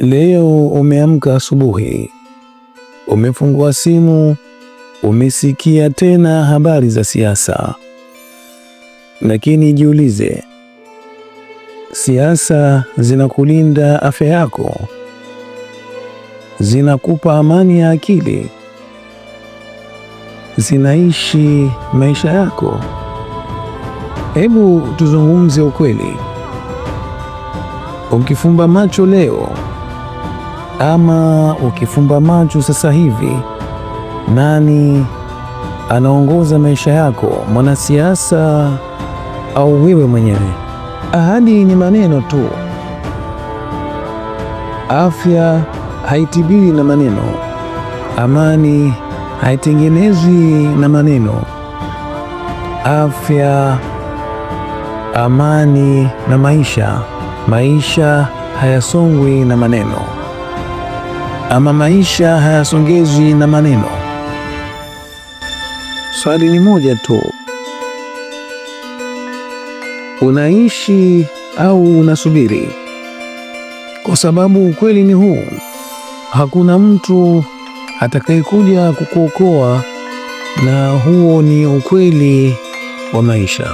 Leo umeamka asubuhi, umefungua simu, umesikia tena habari za siasa. Lakini jiulize, siasa zinakulinda afya yako? Zinakupa amani ya akili? Zinaishi maisha yako? Hebu tuzungumze ukweli. Ukifumba macho leo ama ukifumba macho sasa hivi, nani anaongoza maisha yako, mwanasiasa au wewe mwenyewe? Ahadi ni maneno tu. Afya haitibiwi na maneno, amani haitengenezwi na maneno. Afya, amani na maisha, maisha hayasongwi na maneno ama maisha hayasongezwi na maneno. Swali ni moja tu, unaishi au unasubiri? Kwa sababu ukweli ni huu, hakuna mtu atakayekuja kukuokoa, na huo ni ukweli wa maisha.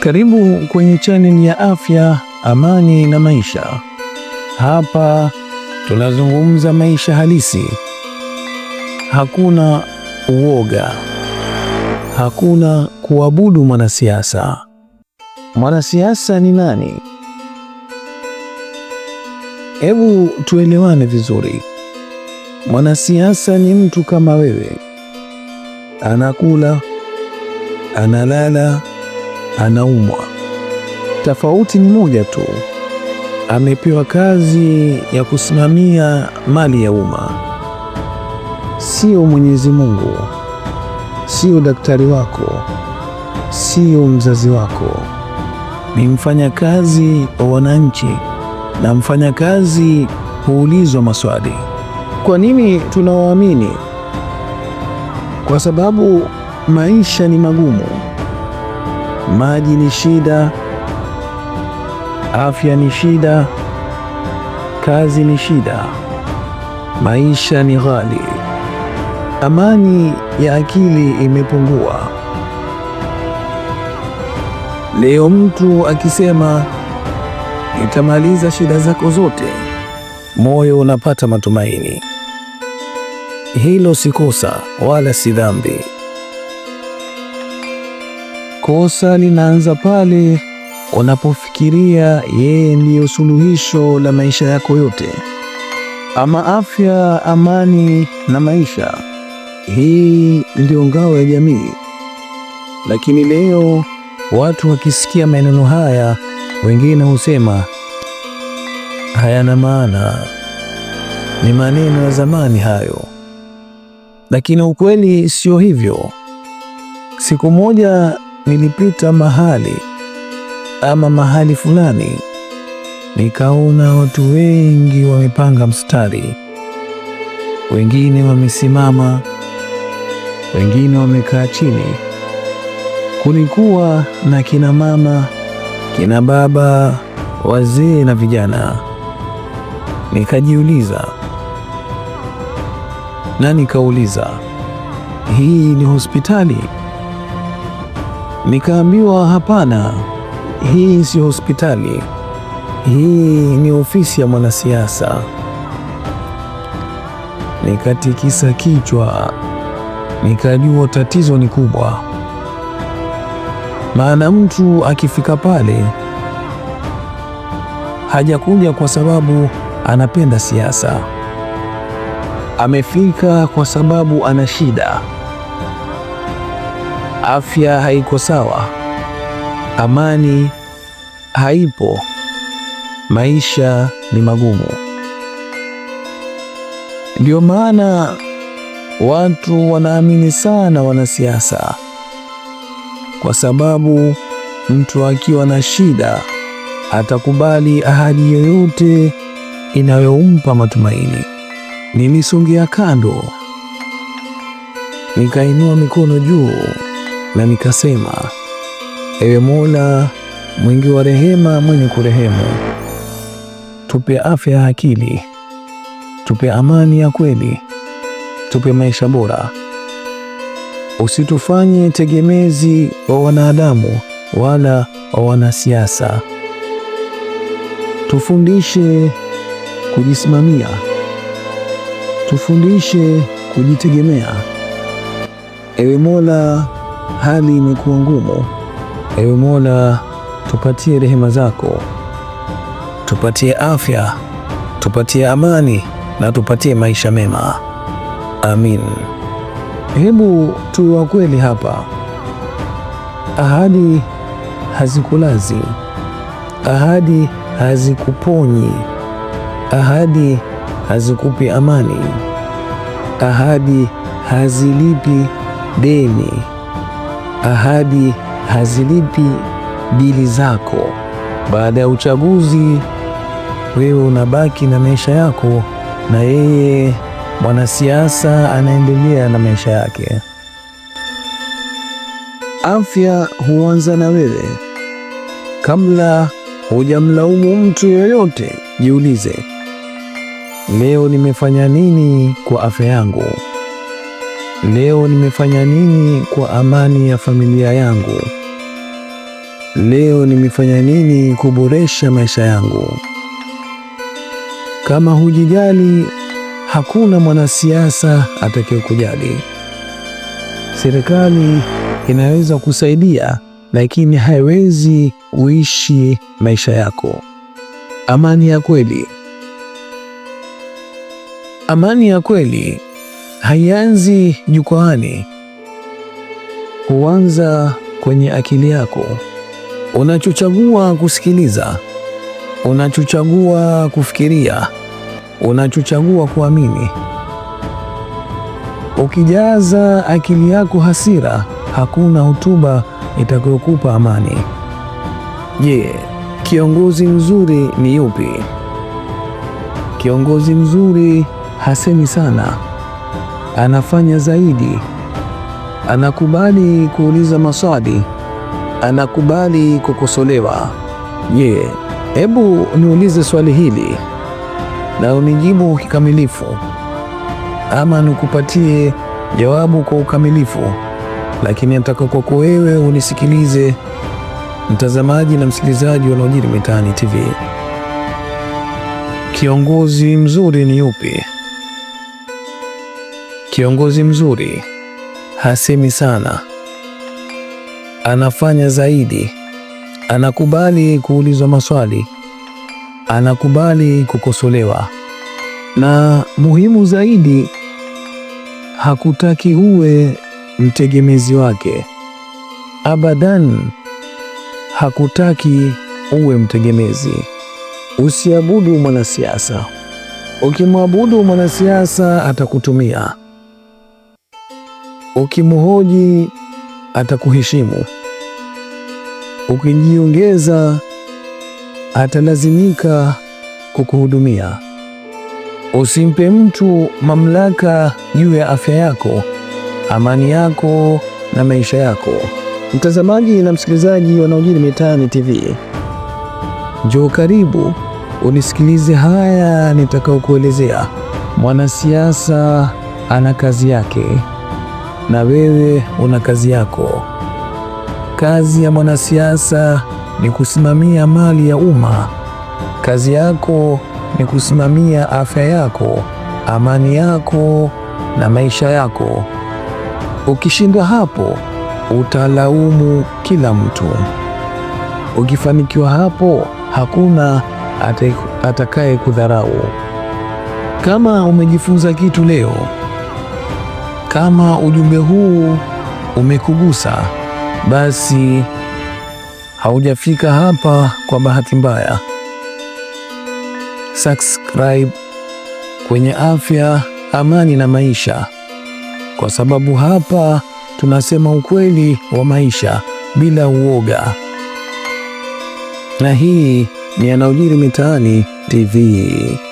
Karibu kwenye chaneli ya Afya, Amani na Maisha. Hapa tunazungumza maisha halisi. Hakuna uoga, hakuna kuabudu mwanasiasa. Mwanasiasa ni nani? Hebu tuelewane vizuri. Mwanasiasa ni mtu kama wewe, anakula, analala, anaumwa. Tofauti ni moja tu amepewa kazi ya kusimamia mali ya umma, sio Mwenyezi Mungu, sio daktari wako, sio mzazi wako. Ni mfanyakazi wa wananchi, na mfanyakazi huulizwa maswali. Kwa nini tunawaamini? Kwa sababu maisha ni magumu, maji ni shida, Afya ni shida, kazi ni shida, maisha ni ghali, amani ya akili imepungua. Leo mtu akisema nitamaliza shida zako zote, moyo unapata matumaini. Hilo si kosa wala si dhambi. Kosa linaanza pale unapofikiria yeye ndiyo suluhisho la maisha yako yote, ama afya, amani na maisha. Hii ndiyo ngao ya jamii. Lakini leo watu wakisikia maneno haya, wengine husema hayana maana, ni maneno ya zamani hayo. Lakini ukweli sio hivyo. Siku moja nilipita mahali ama mahali fulani, nikaona watu wengi wamepanga mstari, wengine wamesimama, wengine wamekaa chini. Kulikuwa na kina mama, kina baba, wazee na vijana. Nikajiuliza na nikauliza, hii ni hospitali? Nikaambiwa hapana. Hii sio hospitali, hii ni ofisi ya mwanasiasa. Nikatikisa kichwa, nikajua tatizo ni kubwa, maana mtu akifika pale hajakuja kwa sababu anapenda siasa, amefika kwa sababu ana shida, afya haiko sawa. Amani haipo, maisha ni magumu. Ndio maana watu wanaamini sana wanasiasa, kwa sababu mtu akiwa na shida atakubali ahadi yoyote inayompa matumaini. Nilisongea kando, nikainua mikono juu na nikasema Ewe Mola mwingi wa rehema, mwenye kurehemu, tupe afya ya akili, tupe amani ya kweli, tupe maisha bora. Usitufanye tegemezi wa wanadamu wala wa wanasiasa. Tufundishe kujisimamia, tufundishe kujitegemea. Ewe Mola, hali imekuwa ngumu Ewe Mola, tupatie rehema zako, tupatie afya, tupatie amani na tupatie maisha mema, amin. Hebu tuwe wa kweli hapa, ahadi hazikulazi, ahadi hazikuponyi, ahadi hazikupi amani, ahadi hazilipi deni, ahadi hazilipi bili zako. Baada ya uchaguzi, wewe unabaki na maisha yako na yeye mwanasiasa anaendelea na maisha yake. Afya huanza na wewe. Kabla hujamlaumu mtu yoyote, jiulize, leo nimefanya nini kwa afya yangu? Leo nimefanya nini kwa amani ya familia yangu? Leo nimefanya nini kuboresha maisha yangu? Kama hujijali, hakuna mwanasiasa atakayekujali. Serikali inaweza kusaidia, lakini haiwezi uishi maisha yako. Amani ya kweli. Amani ya kweli haianzi jukwaani, huanza kwenye akili yako, unachochagua kusikiliza, unachochagua kufikiria, unachochagua kuamini. Ukijaza akili yako hasira, hakuna hotuba itakayokupa amani. Je, yeah, kiongozi mzuri ni yupi? Kiongozi mzuri hasemi sana anafanya zaidi, anakubali kuuliza maswali, anakubali kukosolewa. Je, hebu niulize swali hili na unijibu kikamilifu, ama nikupatie jawabu kwa ukamilifu, lakini nataka kwako wewe unisikilize, mtazamaji na msikilizaji yanayojiri mitaani TV. Kiongozi mzuri ni yupi? Kiongozi mzuri hasemi sana, anafanya zaidi, anakubali kuulizwa maswali, anakubali kukosolewa, na muhimu zaidi, hakutaki uwe mtegemezi wake abadan. Hakutaki uwe mtegemezi. Usiabudu mwanasiasa. Ukimwabudu mwanasiasa, atakutumia. Ukimhoji atakuheshimu, ukijiongeza atalazimika kukuhudumia. Usimpe mtu mamlaka juu ya afya yako, amani yako na maisha yako. Mtazamaji na msikilizaji yanayojiri mitaani TV, njoo karibu unisikilize haya nitakayokuelezea. Mwanasiasa ana kazi yake na wewe una kazi yako. Kazi ya mwanasiasa ni kusimamia mali ya umma. Kazi yako ni kusimamia afya yako, amani yako na maisha yako. Ukishindwa hapo, utalaumu kila mtu. Ukifanikiwa hapo, hakuna atakaye kudharau. Kama umejifunza kitu leo kama ujumbe huu umekugusa, basi haujafika hapa kwa bahati mbaya. Subscribe kwenye Afya, Amani na Maisha, kwa sababu hapa tunasema ukweli wa maisha bila uoga. Na hii ni Yanayojiri Mitaani TV.